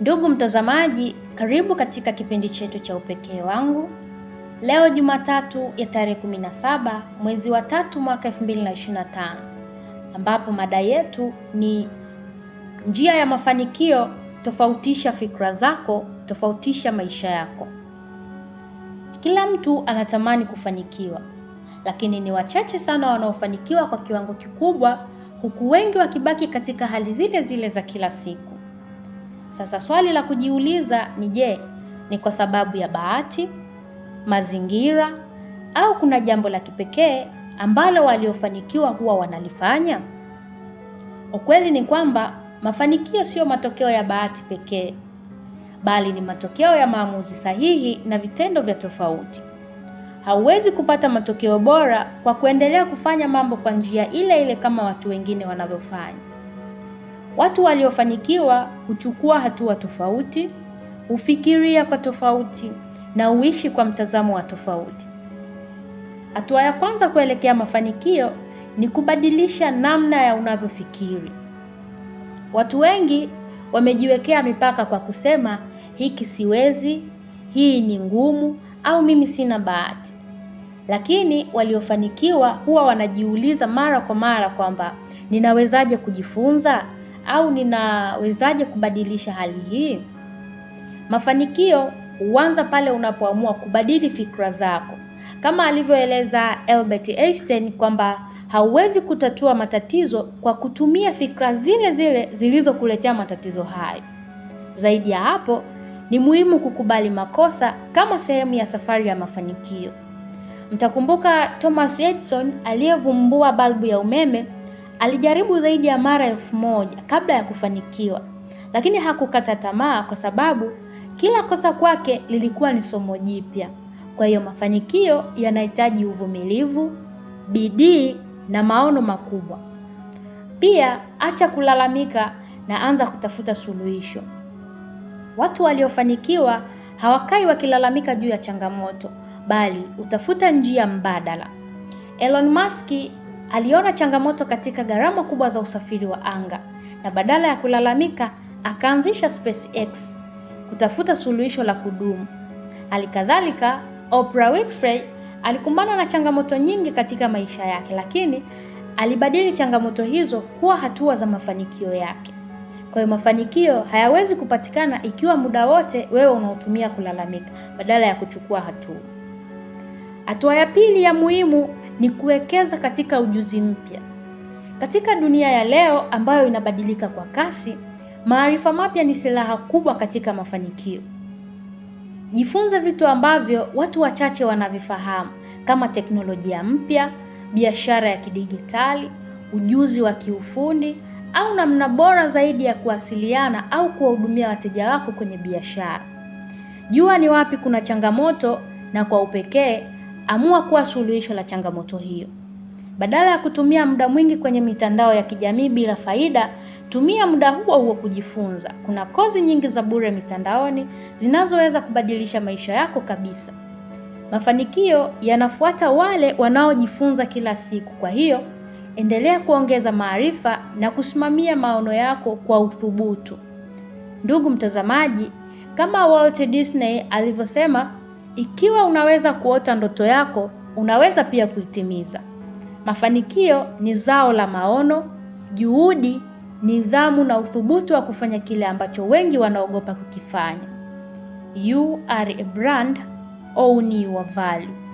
Ndugu mtazamaji, karibu katika kipindi chetu cha Upekee wangu. Leo Jumatatu ya tarehe 17 mwezi wa tatu mwaka 2025, ambapo mada yetu ni njia ya mafanikio, tofautisha fikra zako, tofautisha maisha yako. Kila mtu anatamani kufanikiwa, lakini ni wachache sana wanaofanikiwa kwa kiwango kikubwa, huku wengi wakibaki katika hali zile zile za kila siku. Sasa swali la kujiuliza ni je, ni kwa sababu ya bahati, mazingira au kuna jambo la kipekee ambalo waliofanikiwa huwa wanalifanya? Ukweli ni kwamba mafanikio siyo matokeo ya bahati pekee, bali ni matokeo ya maamuzi sahihi na vitendo vya tofauti. Hauwezi kupata matokeo bora kwa kuendelea kufanya mambo kwa njia ile ile kama watu wengine wanavyofanya. Watu waliofanikiwa huchukua hatua tofauti, hufikiria kwa tofauti na huishi kwa mtazamo wa tofauti. Hatua ya kwanza kuelekea mafanikio ni kubadilisha namna ya unavyofikiri. Watu wengi wamejiwekea mipaka kwa kusema hiki siwezi, hii ni ngumu au mimi sina bahati. Lakini waliofanikiwa huwa wanajiuliza mara kwa mara kwamba ninawezaje kujifunza? au ninawezaje kubadilisha hali hii? Mafanikio huanza pale unapoamua kubadili fikra zako, kama alivyoeleza Albert Einstein kwamba hauwezi kutatua matatizo kwa kutumia fikra zile zile zilizokuletea matatizo hayo. Zaidi ya hapo, ni muhimu kukubali makosa kama sehemu ya safari ya mafanikio. Mtakumbuka Thomas Edison aliyevumbua balbu ya umeme Alijaribu zaidi ya mara elfu moja kabla ya kufanikiwa, lakini hakukata tamaa kwa sababu kila kosa kwake lilikuwa ni somo jipya. Kwa hiyo mafanikio yanahitaji uvumilivu, bidii na maono makubwa. Pia acha kulalamika na anza kutafuta suluhisho. Watu waliofanikiwa hawakai wakilalamika juu ya changamoto, bali utafuta njia mbadala. Elon Musk Aliona changamoto katika gharama kubwa za usafiri wa anga na badala ya kulalamika akaanzisha SpaceX kutafuta suluhisho la kudumu. Halikadhalika, Oprah Winfrey alikumbana na changamoto nyingi katika maisha yake, lakini alibadili changamoto hizo kuwa hatua za mafanikio yake. Kwa hiyo mafanikio hayawezi kupatikana ikiwa muda wote wewe unaotumia kulalamika badala ya kuchukua hatua. Hatua ya pili ya muhimu ni kuwekeza katika ujuzi mpya. Katika dunia ya leo ambayo inabadilika kwa kasi, maarifa mapya ni silaha kubwa katika mafanikio. Jifunze vitu ambavyo watu wachache wanavifahamu kama teknolojia mpya, biashara ya kidigitali, ujuzi wa kiufundi au namna bora zaidi ya kuwasiliana au kuwahudumia wateja wako kwenye biashara. Jua ni wapi kuna changamoto na kwa upekee amua kuwa suluhisho la changamoto hiyo. Badala ya kutumia muda mwingi kwenye mitandao ya kijamii bila faida, tumia muda huo huo kujifunza. Kuna kozi nyingi za bure mitandaoni zinazoweza kubadilisha maisha yako kabisa. Mafanikio yanafuata wale wanaojifunza kila siku. Kwa hiyo, endelea kuongeza maarifa na kusimamia maono yako kwa uthubutu. Ndugu mtazamaji, kama Walt Disney alivyosema, ikiwa unaweza kuota ndoto yako, unaweza pia kuitimiza. Mafanikio ni zao la maono, juhudi, nidhamu na uthubutu wa kufanya kile ambacho wengi wanaogopa kukifanya. You are a brand, own your value.